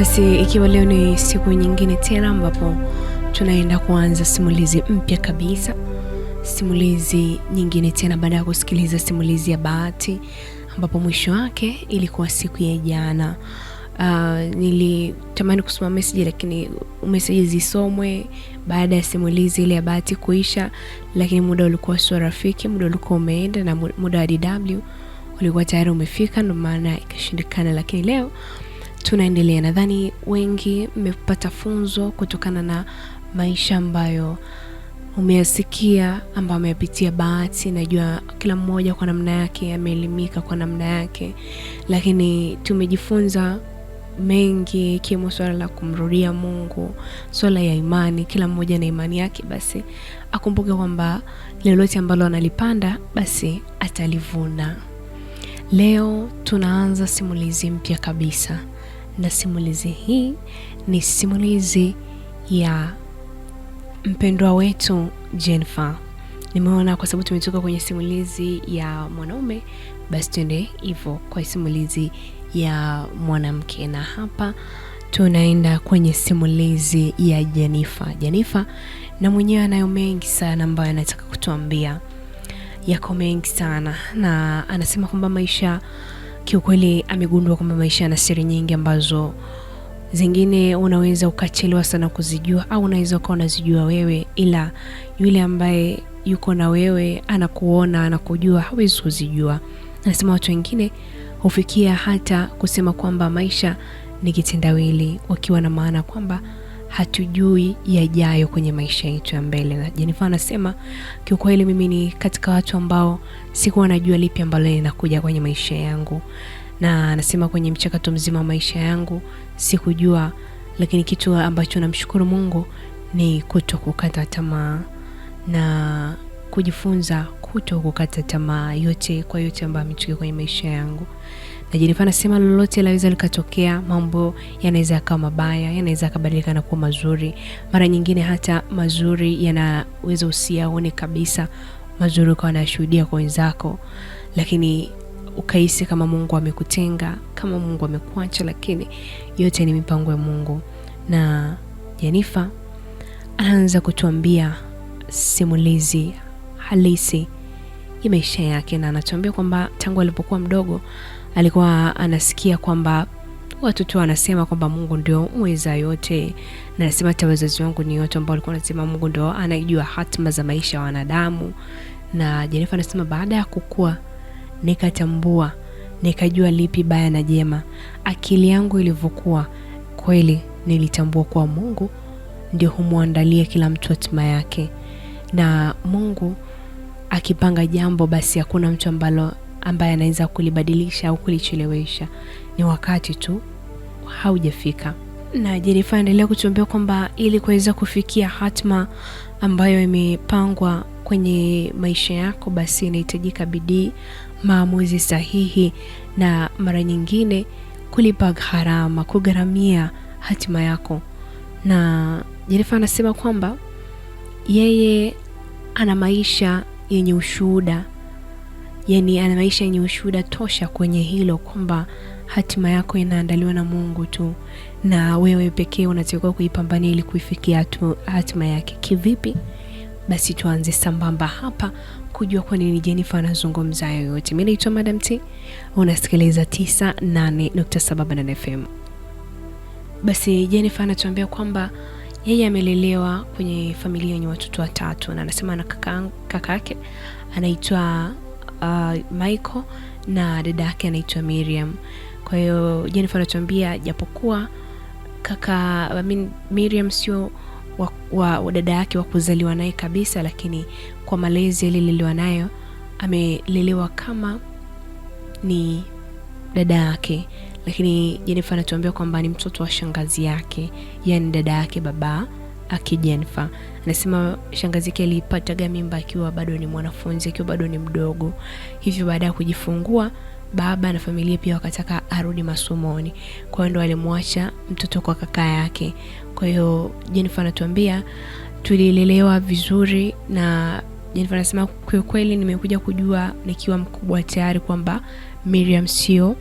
Basi ikiwa leo ni siku nyingine tena ambapo tunaenda kuanza simulizi mpya kabisa, simulizi nyingine tena baada ya kusikiliza simulizi ya Bahati ambapo mwisho wake ilikuwa siku ya jana. Uh, nilitamani kusoma meseji lakini meseji zisomwe baada ya simulizi ile ya Bahati kuisha, lakini muda ulikuwa sio rafiki, muda ulikuwa umeenda na muda wa DW ulikuwa tayari umefika, ndio maana ikashindikana, lakini leo tunaendelea. Nadhani wengi mmepata funzo kutokana na maisha ambayo umeyasikia ambayo ameyapitia Bahati. Najua kila mmoja kwa namna yake ameelimika kwa namna yake, lakini tumejifunza mengi ikiwemo swala la kumrudia Mungu, swala ya imani. Kila mmoja na imani yake, basi akumbuke kwamba lolote ambalo analipanda basi atalivuna. Leo tunaanza simulizi mpya kabisa na simulizi hii ni simulizi ya mpendwa wetu Jennifer. Nimeona kwa sababu tumetoka kwenye simulizi ya mwanaume, basi tuende hivyo kwa simulizi ya mwanamke, na hapa tunaenda kwenye simulizi ya Jennifer. Jennifer na mwenyewe anayo mengi sana ambayo anataka kutuambia, yako mengi sana na anasema kwamba maisha kiukweli amegundua kwamba maisha yana siri nyingi ambazo zingine unaweza ukachelewa sana kuzijua au unaweza ukawa unazijua wewe, ila yule ambaye yuko na wewe anakuona, anakujua, hawezi kuzijua. Anasema watu wengine hufikia hata kusema kwamba maisha ni kitendawili, wakiwa na maana kwamba hatujui yajayo kwenye maisha yetu ya mbele. Na jenifa anasema kiukweli, mimi ni katika watu ambao sikuwa najua lipi ambalo linakuja kwenye maisha yangu, na anasema kwenye mchakato mzima wa maisha yangu sikujua, lakini kitu ambacho namshukuru Mungu ni kuto kukata tamaa na kujifunza kuto kukata tamaa yote kwa yote ambayo ametukia kwenye maisha yangu na Jenifer anasema lolote laweza likatokea, mambo yanaweza yakawa mabaya, yanaweza yakabadilika na kuwa mazuri. Mara nyingine hata mazuri yanaweza usiyaone kabisa, mazuri ukawa nayashuhudia kwa wenzako, lakini ukahisi kama Mungu amekutenga, kama Mungu amekuacha, lakini yote ni mipango ya Mungu. Na Jenifer anaanza kutuambia simulizi halisi ya maisha yake, na anatuambia kwamba tangu alipokuwa mdogo alikuwa anasikia kwamba watoto wanasema kwamba Mungu ndio mweza yote, na anasema hata wazazi wangu ni watu ambao walikuwa wanasema Mungu ndio anajua hatima za maisha ya wanadamu. Na Jenifer anasema baada ya kukua nikatambua, nikajua lipi baya na jema. Akili yangu ilivyokuwa, kweli nilitambua kuwa Mungu ndio humwandalia kila mtu hatima yake, na Mungu akipanga jambo, basi hakuna mtu ambalo ambaye anaweza kulibadilisha au kulichelewesha, ni wakati tu haujafika. Na Jerifa anaendelea kutuambia kwamba ili kuweza kufikia hatma ambayo imepangwa kwenye maisha yako, basi inahitajika bidii, maamuzi sahihi na mara nyingine kulipa gharama, kugharamia hatima yako. Na Jerifa anasema kwamba yeye ana maisha yenye ushuhuda yani ana maisha yenye ushuhuda tosha kwenye hilo kwamba hatima yako inaandaliwa na Mungu tu na wewe pekee unatakiwa kuipambania ili kuifikia hatima yake. Kivipi? Basi tuanze sambamba hapa kujua kwa nini jennifer anazungumza hayo yote. Mimi naitwa Madam T, unasikiliza 98.7 FM. Basi jennifer anatuambia kwamba yeye amelelewa kwenye familia yenye watoto watatu na anasema na kaka yake anaitwa uh, Michael na dada yake anaitwa Miriam. Kwa hiyo Jennifer anatuambia japokuwa kaka I mean, Miriam sio wa, wa, wa dada yake wa kuzaliwa naye kabisa, lakini kwa malezi alilelewa nayo amelelewa kama ni dada yake, lakini Jennifer anatuambia kwamba ni mtoto wa shangazi yake, yaani dada yake baba akijenfa anasema shangazi yake alipataga mimba akiwa bado ni mwanafunzi, akiwa bado ni mdogo. Hivyo baada ya kujifungua, baba na familia pia wakataka arudi masomoni, kwa hiyo ndo alimwacha mtoto kwa kaka yake. Kwa hiyo Jennifer anatuambia tulilelewa vizuri na Jennifer anasema kwa kweli nimekuja kujua nikiwa mkubwa tayari kwamba Miriam sio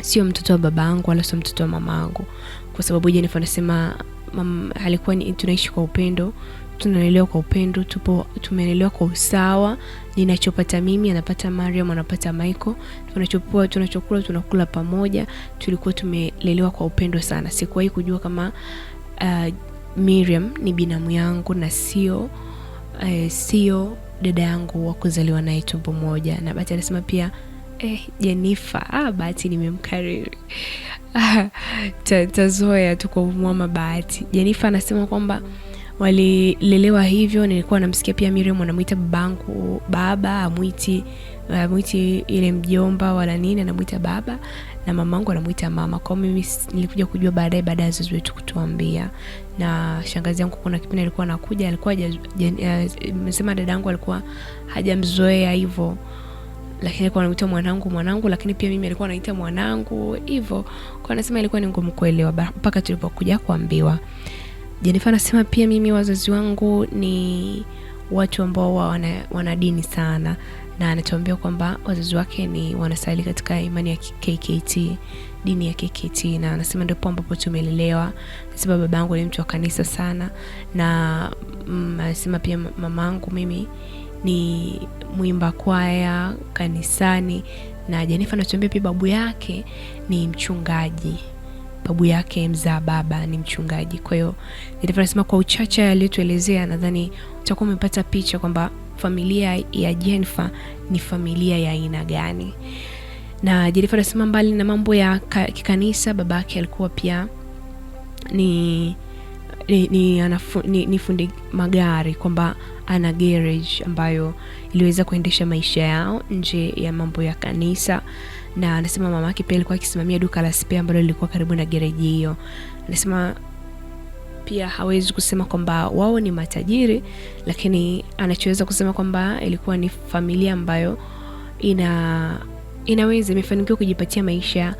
sio mtoto wa babangu wala sio mtoto wa mamangu, kwa sababu Jennifer anasema alikuwa ni tunaishi kwa upendo, tunaelewa kwa upendo, tupo tumeelewa kwa usawa. Ninachopata mimi anapata Mariam, anapata Michael, tunachopua tunachokula tunakula pamoja. Tulikuwa tumelelewa kwa upendo sana. Sikuwahi kujua kama uh, Miriam ni binamu yangu na sio uh, sio dada yangu wa kuzaliwa naye tumbo moja. Na Bahati anasema pia eh, Jenifa ah, Bahati nimemkariri. tazoea tu kwa mwama bahati. Jenifa anasema kwamba walilelewa hivyo. Nilikuwa namsikia pia Miriam anamwita babangu baba, amwiti amwiti ile mjomba wala nini, anamwita baba na mamangu anamwita mama. kwao mimi nilikuja kujua baadaye, baada ya wazazi wetu kutuambia. Na shangazi yangu kuna kipindi alikuwa anakuja, alikuwa dada eh, dadangu alikuwa hajamzoea hivyo lakini alikuwa anaita mwanangu mwanangu, lakini pia mimi alikuwa anaita mwanangu hivyo. Kwa anasema ilikuwa ni ngumu kuelewa mpaka tulipokuja kuambiwa. Jenifer anasema pia mimi wazazi wangu ni watu ambao wana, wana dini sana, na anatuambia kwamba wazazi wake ni wanasali katika imani ya KKT, dini ya KKT, na anasema ndipo ambapo tumelelewa. Anasema babangu ni mtu wa kanisa sana, na mm, anasema pia mamangu mimi ni mwimba kwaya kanisani, na Jenifa anatuambia pia babu yake ni mchungaji, babu yake mzaa baba ni mchungaji. Kwa hiyo Jenifa anasema kwa uchache aliyotuelezea, nadhani utakuwa umepata picha kwamba familia ya Jenifa ni familia ya aina gani. Na Jenifa anasema mbali na mambo ya kikanisa, babake alikuwa pia ni ni, ni, anafu, ni, ni fundi magari kwamba ana garage ambayo iliweza kuendesha maisha yao nje ya mambo ya kanisa, na anasema mamake pia alikuwa akisimamia duka la spea ambalo lilikuwa karibu na gereji hiyo. Anasema pia hawezi kusema kwamba wao ni matajiri, lakini anachoweza kusema kwamba ilikuwa ni familia ambayo ina inaweza imefanikiwa kujipatia maisha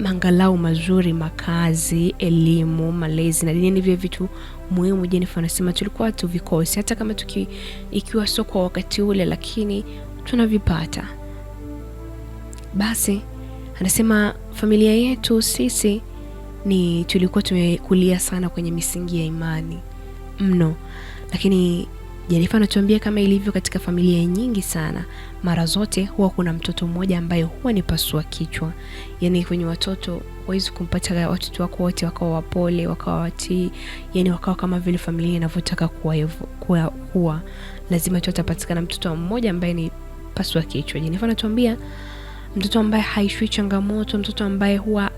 mangalau mazuri, makazi, elimu, malezi na dini vile vitu muhimu. Jennifer anasema tulikuwa tuvikosi hata kama tuki, ikiwa sio kwa wakati ule, lakini tunavipata. Basi anasema familia yetu sisi ni tulikuwa tumekulia sana kwenye misingi ya imani mno, lakini Jenifer anatuambia kama ilivyo katika familia nyingi sana, mara zote huwa kuna mtoto mmoja ambaye huwa ni pasua kichwa. yani kwenye watoto huwezi kumpata watoto wako wote wakawa wapole, wakawa watii, yani wakawa kama vile familia inavyotaka kuwa, kuwa, kuwa. Lazima tu atapatikana mtoto mmoja ambaye ni pasua kichwa. Jenifer anatuambia mtoto ambaye haishui changamoto, mtoto ambaye huwa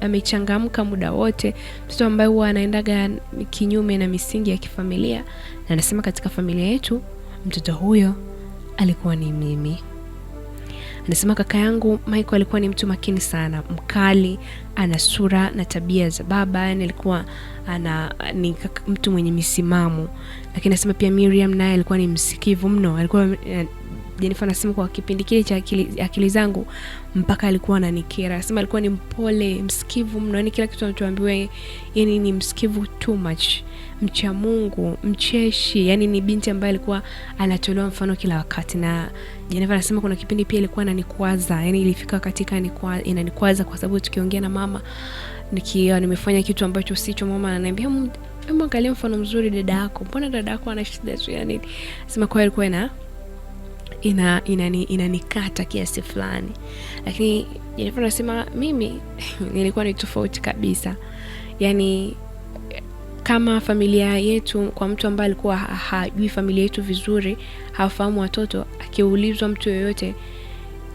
amechangamka muda wote, mtoto ambaye huwa anaendaga kinyume na misingi ya kifamilia. Na anasema katika familia yetu mtoto huyo alikuwa ni mimi. Anasema kaka yangu Michael alikuwa ni mtu makini sana, mkali, ana sura na tabia za baba, yani alikuwa ana ni mtu mwenye misimamo. Lakini anasema pia Miriam naye alikuwa ni msikivu mno, alikuwa Jenifer anasema kwa kipindi kile cha akili, akili zangu mpaka alikuwa ananikera. Anasema alikuwa ni mpole, msikivu mno, yani kila kitu anachoambiwa yani ni msikivu too much, mcha Mungu, mcheshi, yani ni binti ambaye alikuwa anatolewa mfano kila wakati. Na Jenifer anasema kuna kipindi pia ilikuwa ananikwaza, yani ilifika katika inanikwaza kwa sababu tukiongea na mama nikiwa nimefanya kitu ambacho sicho, mama ananiambia hebu angalia mfano mzuri dada yako, mbona dada yako ana shida tu yani Sema kwa ilikuwa na ina inanikata ina kiasi fulani, lakini Jenifer anasema mimi nilikuwa ni tofauti kabisa. Yani kama familia yetu, kwa mtu ambaye alikuwa hajui familia yetu vizuri, hafahamu watoto, akiulizwa mtu yoyote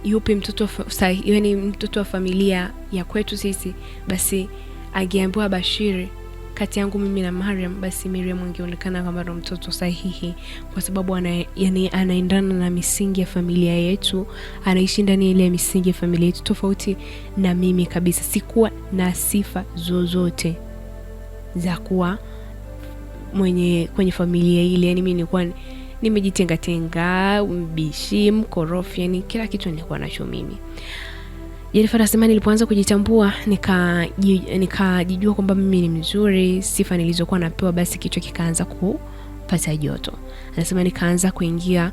yupi mtoto sahihi, yani mtoto wa familia ya kwetu sisi, basi angeambiwa Bashiri kati yangu mimi na Mariam, basi Miriam angeonekana kama ndo mtoto sahihi, kwa sababu ana, yani, anaendana na misingi ya familia yetu, anaishi ndani ya ile misingi ya familia yetu, tofauti na mimi kabisa. Sikuwa na sifa zozote za kuwa mwenye kwenye familia ile, yani mimi nilikuwa nimejitengatenga, mbishi, mkorofi, yani kila kitu nilikuwa nacho mimi. Jenifer anasema nilipoanza kujitambua nikajijua nika kwamba mimi ni mzuri, sifa nilizokuwa napewa, basi kichwa kikaanza kupata joto. Anasema nikaanza kuingia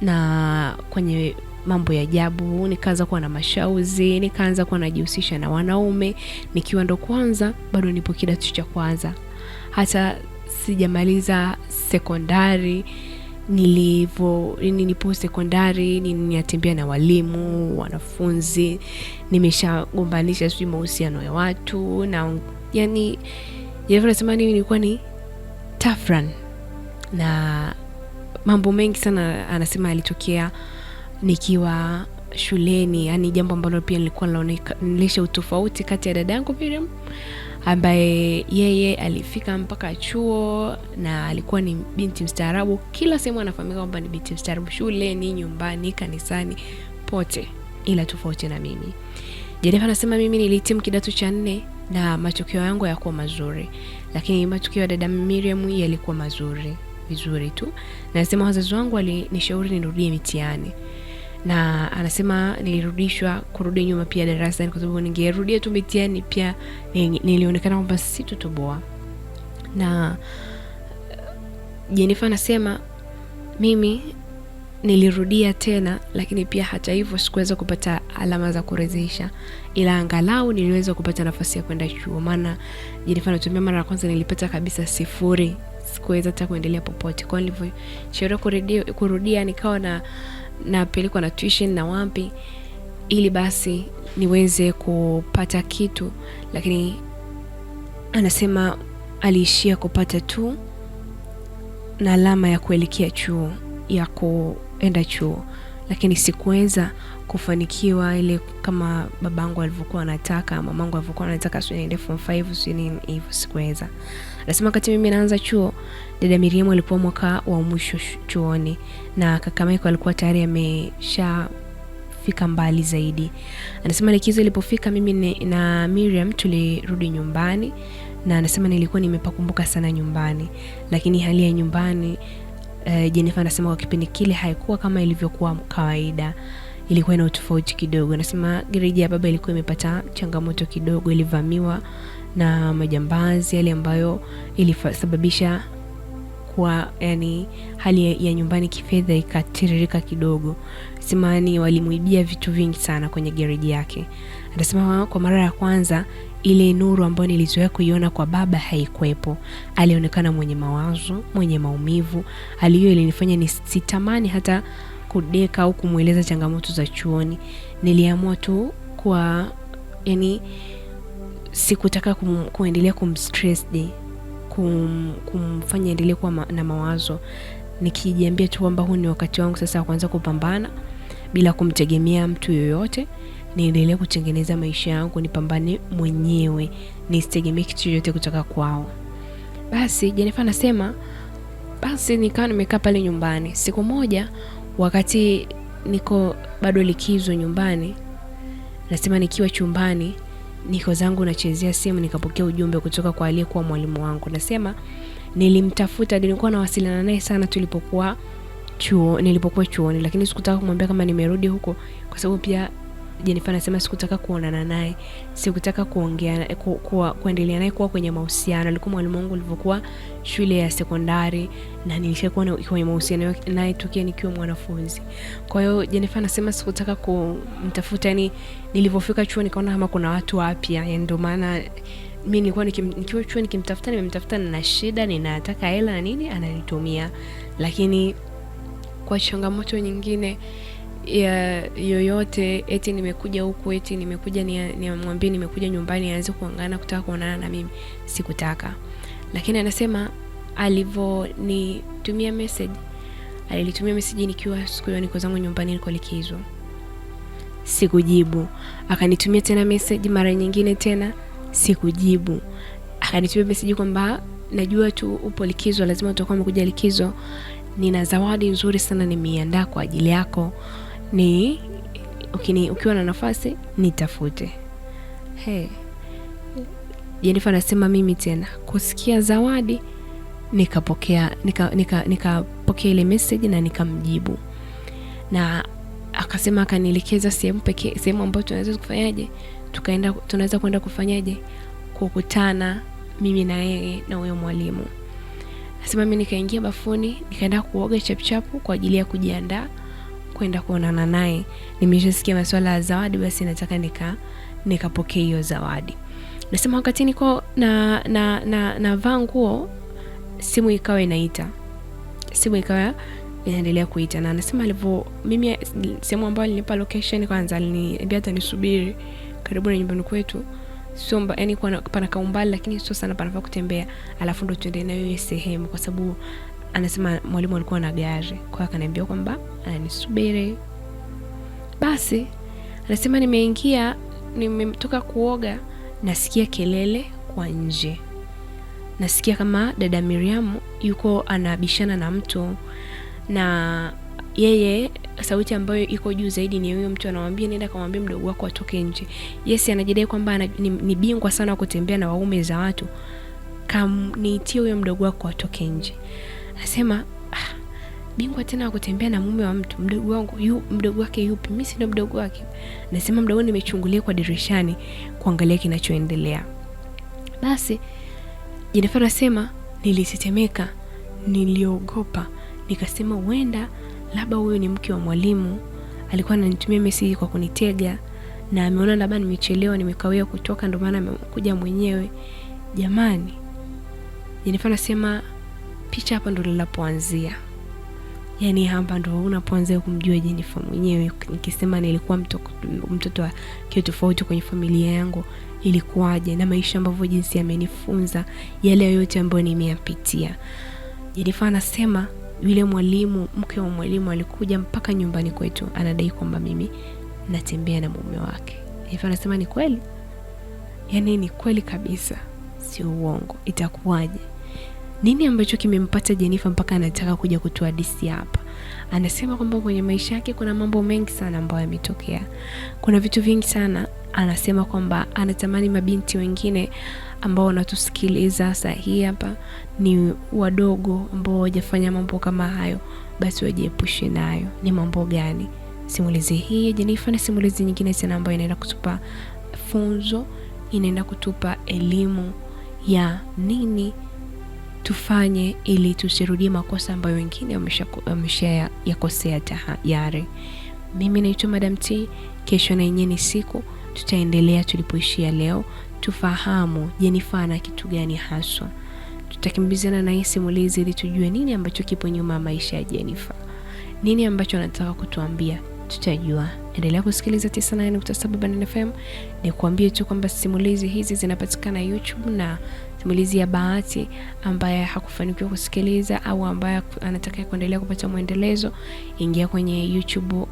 na kwenye mambo ya ajabu, nikaanza kuwa na mashauzi, nikaanza kuwa najihusisha na wanaume nikiwa ndo kwanza, bado nipo kidato cha kwanza, hata sijamaliza sekondari nilivyo nipo sekondari, natembea na walimu, wanafunzi, nimeshagombanisha sijui mahusiano ya watu na yani yaani nasema nini, nilikuwa ni tafran na mambo mengi sana anasema yalitokea nikiwa shuleni, yani jambo ambalo pia nilikuwa nilisha utofauti kati ya dada yangu Miriam ambaye yeye alifika mpaka chuo na alikuwa ni binti mstaarabu. Kila sehemu anafahamika kwamba ni binti mstaarabu, shuleni, nyumbani, kanisani, pote, ila tofauti na mimi. jerefa anasema mimi nilihitimu kidato cha nne na matokeo yangu yakuwa mazuri, lakini matokeo ya dada Miriam yalikuwa mazuri vizuri tu. Nasema wazazi wangu walinishauri nirudie mitiani na anasema nilirudishwa kurudi nyuma pia darasani kwa sababu ningerudia tu mitiani pia nilionekana kwamba tutoboa Na eh, Jenifa anasema mimi nilirudia tena, lakini pia hata hivyo sikuweza kupata alama za kurezesha ila angalau niliweza kupata nafasi ya kwenda chuo. Maana Jenifa anatumia mara ya kwanza nilipata kabisa sifuri, sikuweza hata kuendelea popote. Kwa hivyo kurudia nikawa na napelekwa na tuition na wapi, ili basi niweze kupata kitu, lakini anasema aliishia kupata tu na alama ya kuelekea chuo ya kuenda chuo, lakini sikuweza kufanikiwa ile kama babangu alivyokuwa anataka, mamangu alivyokuwa anataka, sio niende 5 sio nini hivyo, sikuweza. Anasema wakati mimi naanza chuo dada Miriam alikuwa mwaka wa mwisho chuoni na kaka Michael alikuwa tayari ameshafika mbali zaidi. Anasema likizo ilipofika, mimi na Miriam tulirudi nyumbani, na anasema nilikuwa nimepakumbuka sana nyumbani, lakini hali ya nyumbani uh, Jennifer anasema kwa kipindi kile haikuwa kama ilivyokuwa kawaida ilikuwa ina utofauti kidogo. Anasema gereji ya baba ilikuwa imepata changamoto kidogo, ilivamiwa na majambazi, yale ambayo ilisababisha kuwa yani hali ya nyumbani kifedha ikatiririka kidogo. Simani walimuibia vitu vingi sana kwenye gereji yake. Anasema kwa mara ya kwanza ile nuru ambayo nilizoea kuiona kwa baba haikwepo Alionekana mwenye mawazo, mwenye maumivu. Hali hiyo ilinifanya nisitamani hata kudeka au kumweleza changamoto za chuoni. Niliamua tu kwa yani sikutaka kum, kuendelea kumstress kum, kumfanya endelee kuwa ma, na mawazo, nikijiambia tu kwamba huu ni wakati wangu sasa kuanza kupambana bila kumtegemea mtu yoyote, niendelee kutengeneza maisha yangu, nipambane mwenyewe, nisitegemee kitu chochote kutoka kwao. Basi jenifa anasema basi nikawa nimekaa pale nyumbani. Siku moja wakati niko bado likizo nyumbani, nasema nikiwa chumbani niko zangu nachezea simu, nikapokea ujumbe kutoka kwa aliyekuwa mwalimu wangu. Nasema nilimtafuta, nilikuwa nawasiliana naye sana tulipokuwa chuo, nilipokuwa chuoni, lakini sikutaka kumwambia kama nimerudi huko, kwa sababu pia Jenifer anasema sikutaka kuonana naye, sikutaka kuongea ku, ku, kuendelea naye kuwa kwenye mahusiano. Alikuwa mwalimu wangu nilipokuwa shule ya sekondari na nilishakuwa kwenye mahusiano naye tokea nikiwa mwanafunzi. Kwa hiyo Jenifer anasema sikutaka kumtafuta, yani nilivyofika chuo nikaona kama kuna watu wapya, yani ndio maana mi nilikuwa nikiwa chuo nikimtafuta, nimemtafuta na shida, ninataka hela na nini, ananitumia. Lakini kwa changamoto nyingine ya yoyote eti nimekuja huku eti nimekuja nimwambie nimekuja nyumbani aanze kuangana kutaka kuonana na mimi, sikutaka. Lakini anasema alivyonitumia message, alilitumia message nikiwa siku hiyo niko zangu nyumbani, niko likizo, sikujibu. Akanitumia tena message mara nyingine tena, sikujibu. Akanitumia message kwamba najua tu upo likizo, lazima utakuwa umekuja likizo, nina zawadi nzuri sana nimeiandaa kwa ajili yako ni ukini, ukiwa na nafasi nitafute. Hey. Jenifa anasema mimi tena kusikia Zawadi nikapokea nikapokea nika, nika ile message na nikamjibu, na akasema akanielekeza sehemu pekee, sehemu ambayo tunaweza kufanyaje, tukaenda tunaweza kwenda kufanyaje, kukutana mimi na yeye na huyo mwalimu. Nasema mimi nikaingia bafuni nikaenda kuoga chapchapu kwa ajili ya kujiandaa kwenda kuonana naye, nimeshasikia masuala ya zawadi, basi nataka nika nikapokea hiyo zawadi. Nasema wakati niko na na na navaa nguo, simu ikawa inaita, simu ikawa inaendelea kuita, na anasema alivyo, mimi sehemu ambayo nilipa location kwanza, aliniambia hata nisubiri karibu na nyumbani kwetu, sio mba, yani pana kaumbali, lakini sio sana, panafaa kutembea, alafu ndo tuende nayo hiyo sehemu, kwa sababu anasema mwalimu alikuwa na gari, kwa akaniambia kwamba ananisubiri. Basi anasema nimeingia, nimetoka kuoga, nasikia kelele kwa nje, nasikia kama dada Miriam yuko anabishana na mtu, na yeye sauti ambayo iko juu zaidi ni huyo mtu anamwambia, nenda kamwambia mdogo wako atoke nje. Yes, anajidai kwamba ni, ni bingwa sana kutembea na waume za watu, kamniitie huyo mdogo wako atoke nje. Nasema ah, bingwa tena wa kutembea na mume wa mtu, mdogo wangu yu, mdogo wake yupi? Mimi si mdogo wake. Nasema mdogo, nimechungulia kwa dirishani kuangalia kinachoendelea. Basi Jennifer anasema nilisitemeka, niliogopa, nikasema huenda labda huyo ni mke wa mwalimu, alikuwa ananitumia meseji kwa kunitega na ameona labda nimechelewa, nimekawia kutoka, ndio maana amekuja mwenyewe. Jamani, Jennifer anasema picha hapa ndo linapoanzia. Yani hapa ndo unapoanzia kumjua jenifa mwenyewe. Nikisema nilikuwa mtoto, mtoto wa kitu tofauti kwenye familia yangu ilikuwaje, na maisha ambavyo jinsi amenifunza yale yote ambayo nimeyapitia. Jenifer anasema yule mwalimu, mke wa mwalimu alikuja mpaka nyumbani kwetu, anadai kwamba mimi natembea na mume wake. Jenifer anasema ni kweli, yani ni kweli kabisa, sio uongo. Itakuwaje? Nini ambacho kimempata Jenifa mpaka anataka kuja kutuhadisi hapa? Anasema kwamba kwenye maisha yake kuna mambo mengi sana ambayo yametokea, kuna vitu vingi sana anasema kwamba anatamani mabinti wengine ambao wanatusikiliza sahii hapa ni wadogo ambao wajafanya mambo kama hayo, basi wajiepushe nayo. Ni mambo gani? Simulizi hii ya Jenifa na simulizi nyingine tena ambayo inaenda kutupa funzo, inaenda kutupa elimu ya nini tufanye ili tusirudie makosa ambayo wengine wameshayakosea tayari. Mimi naitwa Madam T. Kesho na yenyee ni siku, tutaendelea tulipoishia leo. Tufahamu Jenifer na kitu gani haswa, tutakimbizana na hii simulizi ili tujue nini ambacho kipo nyuma ya maisha ya jenifa nini ambacho anataka kutuambia tutajua. Endelea kusikiliza 9 fm ni kuambie tu kwamba simulizi hizi zinapatikana YouTube na simulizi ya Bahati ambaye hakufanikiwa kusikiliza au ambaye anataka kuendelea kupata mwendelezo, ingia kwenye YouTube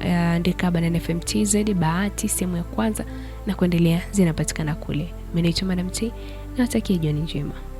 andika Banana FM TZ Bahati sehemu ya kwanza na kuendelea, zinapatikana kule. Mimi naitwa Madam T, nawatakia jioni njema.